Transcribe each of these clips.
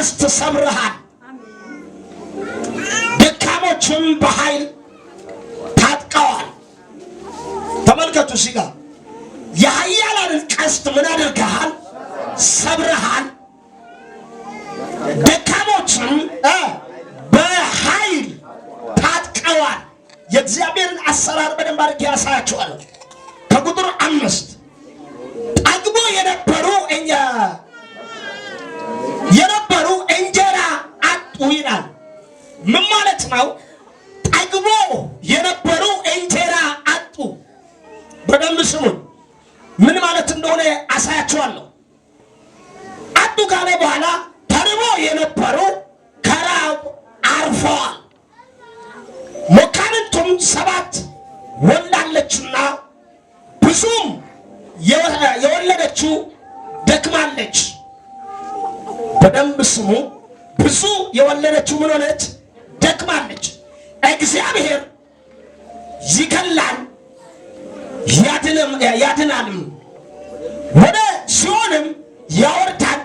ራስ ትሰብርሃል፣ ደካሞችም በኃይል ታጥቀዋል። ተመልከቱ እዚህ ጋር የኃያላንን ቀስት ምን አድርገሃል? ሰብረሃል። ደካሞችም በኃይል ታጥቀዋል። የእግዚአብሔርን አሰራር በደንብ አድርጌ ያሳያቸዋለሁ። ይላል። ምን ማለት ነው? ጠግቦ የነበሩ እንጀራ አጡ። በደንብ ስሙን። ምን ማለት እንደሆነ አሳያችኋለሁ። አጡ ካለ በኋላ ተርቦ የነበሩ ከራብ አርፈዋል። መኳንንቱም ሰባት ወልዳለችና ብዙም የወለደችው ደክማለች። በደንብ ስሙ። ብዙ የወለደችው ምን ሆነች? ደክማለች። እግዚአብሔር ይገላል ያድናልም፣ ወደ ሲሆንም ያወርዳል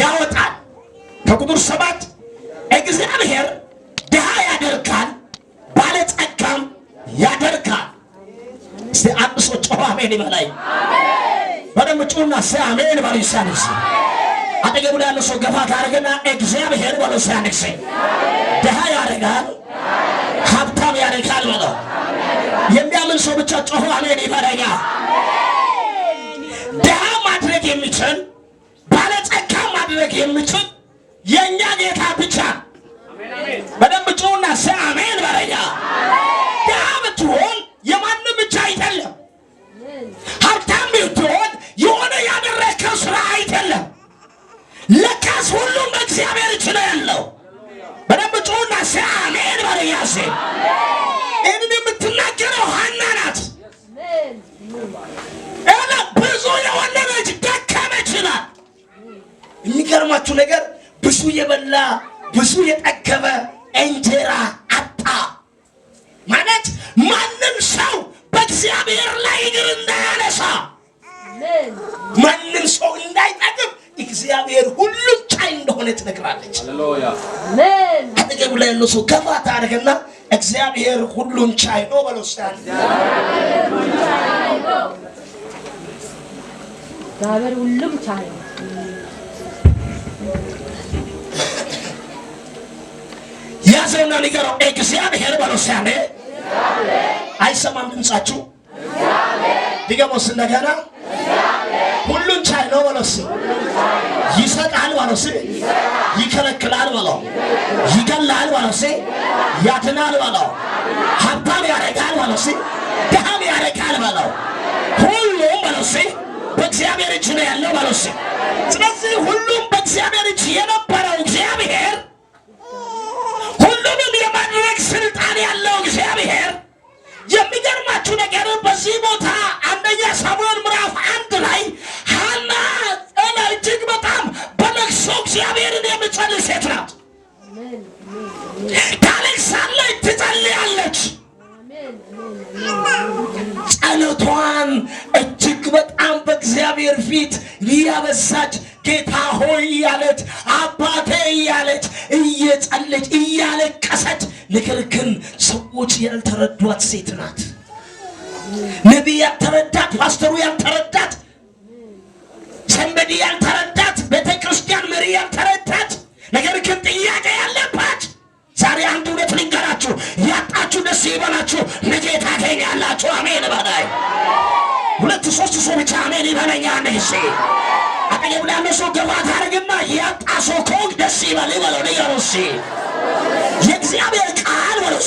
ያወጣል። ከቁጥር ሰባት እግዚአብሔር ድሃ ያደርጋል ባለጸጋም ያደርጋል። እስቲ አንድ ሰው ጮኸ አሜን ይበላይ። በደምብ ጩና ሲ አሜን ባሉ ይሳለስ አጠገቡ ላለው ሰው ገፋ ካደረገና እግዚአብሔር በሎ ሲያነግስ ድሃ ያደርጋል፣ ሀብታም ያደርጋል። በሎ የሚያምን ሰው ብቻ ጮሆ አሜን ይበረኛ። ድሃ ማድረግ የሚችል ባለጸጋ ማድረግ የሚችል የእኛ ጌታ ብቻ የበላ ብዙ የጠገበ እንጀራ አጣ ማለት ማንም ሰው በእግዚአብሔር ላይ እግር እንዳያነሳ ማንም ሰው እንዳይጠቅም እግዚአብሔር ሁሉም ቻይ እንደሆነ ትነግራለች። አጠገብ ላይ ያለው ሰው ከፋ ታደርግና እግዚአብሔር ሁሉም ቻይ ነው በለው። ሁሉም ቻይ ነው ያዘውና ንገረው እግዚአብሔር በለው። ሲያኔ አይሰማም ድምጻችሁ ድገሞስ እንደገና ሁሉን ቻይ ነው በለው። ይሰጣል በለው። ይከለክላል በለው። ይገላል በለው። ያድናል በለው። ሀብታም ያረጋል በለው። ድሃም ያረጋል በለው። ሁሉም በለው በእግዚአብሔር እጅ ነው ያለው በለው። ስለዚህ ሁሉም በእግዚአብሔር እጅ የነበረው እግዚአብሔር ስልጣን ያለው እግዚአብሔር የሚገርማችሁ ነገር በዚህ ያበዛች ጌታ ሆይ እያለች አባቴ እያለች እየጸለች እያለቀሰች፣ ነገር ግን ሰዎች ያልተረዷት ሴት ናት። ነቢ ያልተረዳት፣ ፓስተሩ ያልተረዳት፣ ሰንበዲ ያልተረዳት፣ ቤተ ክርስቲያን መሪ ያልተረዳት፣ ነገር ግን ጥያቄ ያለባት ዛሬ አንድ እውነት ልንገራችሁ፣ ያጣችሁ ደስ ይበላችሁ፣ ልጄ ታገኛላችሁ። አሜን ባላይ ሁለት ሶስት ሰው ብቻ አሜን ይበለኛ። አንድ ጊዜ አጠገብ ላለ ሰው ገባ ታደርግና ያጣ ሰው ከሆንክ ደስ ይበል ይበለው ንገሩ። የእግዚአብሔር ቃል በለው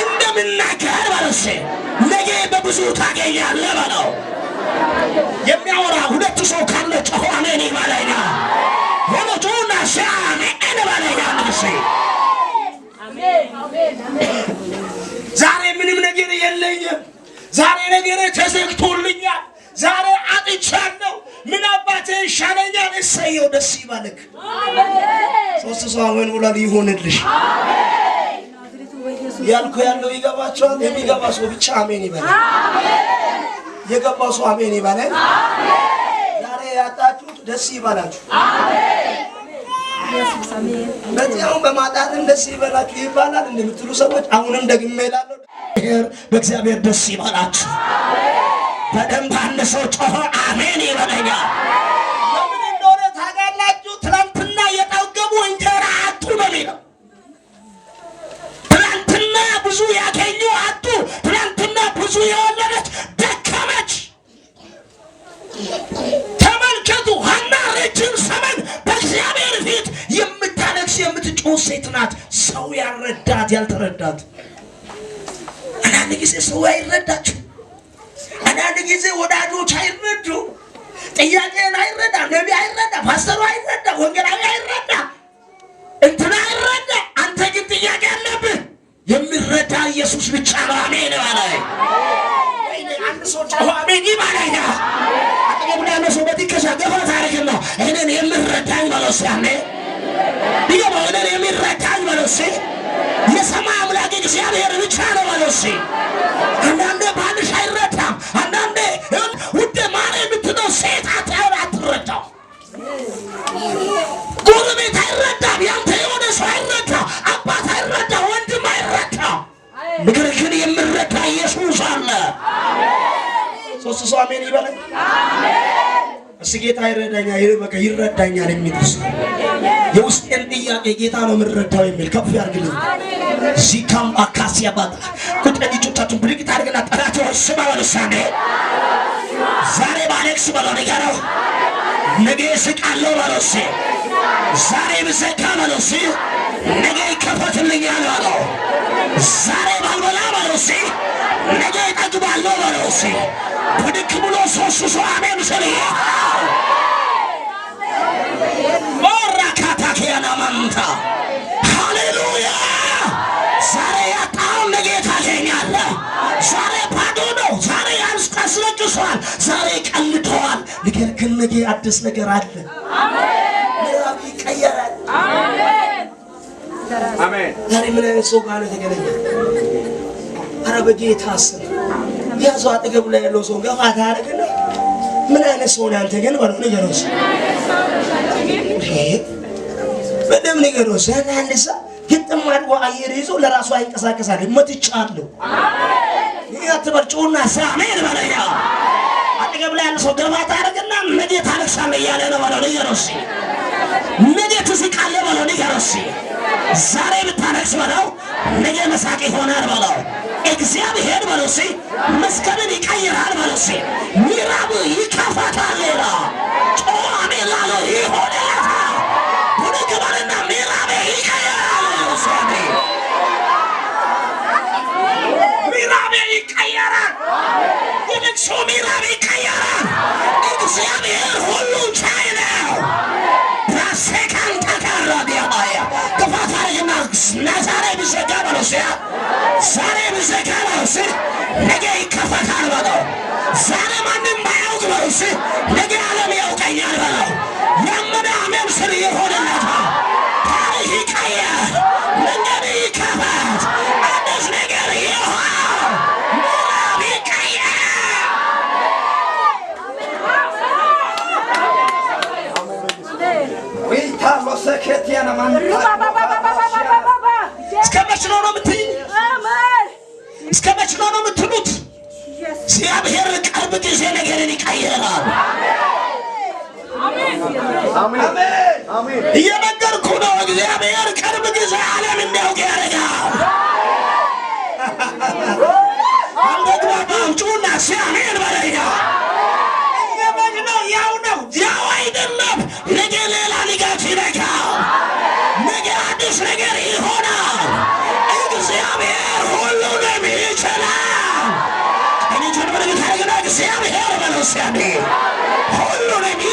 እንደምናገር በለው ነገ በብዙ ታገኛለህ በለው። የሚያወራ ሁለት ሰው ካለ ጮሆ አሜን ይበለኛ። ሁለቱና ሲያሜ እንበለኛ። አንድ ጊዜ ዛሬ ምንም ነገር የለኝም ዛሬ ነገሬ ተዘግቶልኛል፣ ዛሬ አጥቻለሁ፣ ምን አባቴ ይሻለኛል? እሰየው፣ ደስ ይበልክ። ሶስት ሰው አሜን ብሏል። ይሁንልሽ ያልኩ ያለው ይገባቸዋል። የሚገባ ሰው ብቻ አሜን ይበል። የገባ ሰው አሜን ይበላል። ዛሬ ያጣችሁት ደስ ይበላችሁ። በዚያውም በማጣትም ደስ ይበላችሁ ይባላል እንደምትሉ ሰዎች አሁንም ደግሜ እላለሁ እግዚአብሔር በእግዚአብሔር ደስ ይበላችሁ። በደንብ አንድ ሰው ጮሆ አሜን ይበለኛል። ለምን እንደሆነ ታውቃላችሁ? ትናንትና የጠገቡ እንጀራ አጡ ነው የሚለው። ትናንትና ብዙ ያገኙ አጡ። ትናንትና ብዙ የወለደች ደከመች። ተመልከቱ፣ ሀና ረጅም ዘመን በእግዚአብሔር ፊት የምታለቅስ የምትጮህ ሴት ናት። ሰው ያልረዳት ያልተረዳት አንዳንድ ጊዜ ሰው አይረዳችሁ፣ አንዳንድ ጊዜ ወዳጆች አይረዱ፣ ጥያቄን አይረዳ፣ ነቢ አይረዳ፣ ፓስተሩ አይረዳ፣ ወንጌላዊ አይረዳ፣ እንትና አይረዳ። አንተ ግን ጥያቄ አለብህ። የሚረዳ ኢየሱስ ብቻ ነው። አሜን ባላ አሜን ይባላል። አጠገብ በትከሻ ገፋ ታሪክና እኔን የሚረዳኝ በለሴ አሜን ይገባ እኔን የሚረዳኝ በለሴ የሰማይ አምላክ እግዚአብሔር ብቻ ነው ማለት እሺ። አንዳንዴ ባልሽ አይረዳም። አንዳንዴ ውዴ ማር የምትለው ሴት አትረዳው፣ ጎረቤት አይረዳም፣ ያንተ የሆነ ሰው አይረዳ፣ አባት አይረዳ፣ ወንድም አይረዳ። ነገር ግን የምረዳ ኢየሱስ አለ። ሶስት ሰው አሜን ይበለኝ። እስኪ ጌታ ይረዳኛል፣ ይረዳኛል የሚል የውስጤን ጥያቄ ጌታ ነው የምረዳው የሚል ከፍ ያድርግልኝ። ዚካም አካሲያ ባ ቁጥረ ልጆቻችሁን ብልግት አድርግና ጠላትህን ስማ በልሳኔ ዛሬ ባለቅስ በለው ንገረው። ነገ ስቃለው በለው ሲ ዛሬ ብዘጋ በለው ሲ ነገ ይከፈትልኛል በለው። ዛሬ ባልበላ በለው ሲ ነገ ይጠግባለሁ በለው ሲ ብድክ ብሎ ሶስቱ ሰው አሜን ስልዬ ኦራካታኪያና ማምታ ዛሬ ባዶ ነው። ዛሬ ያንስ ታስለቅሷል። ዛሬ ቀልተዋል። ነገር ግን ነገ አዲስ ነገር አለ። ይቀየራል። ዛሬ ምን አይነት ሰው ጋር ነው አረ በጌታ ስም ያ ሰው አጠገቡ ላይ ያለው ሰው ጋር ፋታ ያደርግና ምን አይነት ሰው ነው አንተ ግን ማለት ነገር ነው። በደም ነገር ነው። አንድ ሰው ግጥም አድርጎ አየር ይዞ ለራሱ አይንቀሳቀሳል። መትቻለሁ። አሜን አትበርጩና ሳሜን በለያ አጠገብ ላይ ያለ ሰው ገባ ታደርግና መዴት አለሳለ እያለ ነው በለው ንገረው መዴት ትስቃለህ በለው ንገረው ዛሬ ብታለቅስ በለው ነገ መሳቅ ይሆናል በለው። እግዚአብሔር በለው እስኪ መስቀልን ይቀይራል በለው እስኪ። ሚራብ ይከፋታል ሌላ የለቅሶ ምዕራፍ ይቀየራል። እግዚአብሔር ሁሉን ቻይ ነው። ራሴካን ተቀረ ዲያማያ ክፋት አርግና ና ዛሬ ብዘጋ በለው ዛሬ ብዘጋ በለው ነገ ይከፈታል በለው ዛሬ ማንም ባያውቅ በለው ነገ ዓለም ያውቀኛል በለው ያመነ አሜን ስል ይሆንላት እስከ መች ነው ነው የምትይኝ? እስከ መች ነው ነው የምትሉት? እግዚአብሔር ቅርብ ጊዜ ነገርን ይቀይራል። እየነገርኩ ነው። እግዚአብሔር ቅርብ ጊዜ ዓለም እንዲያውቅ ያደርጋል። አንደግባ ባውጩና ሲያሜን በለኛ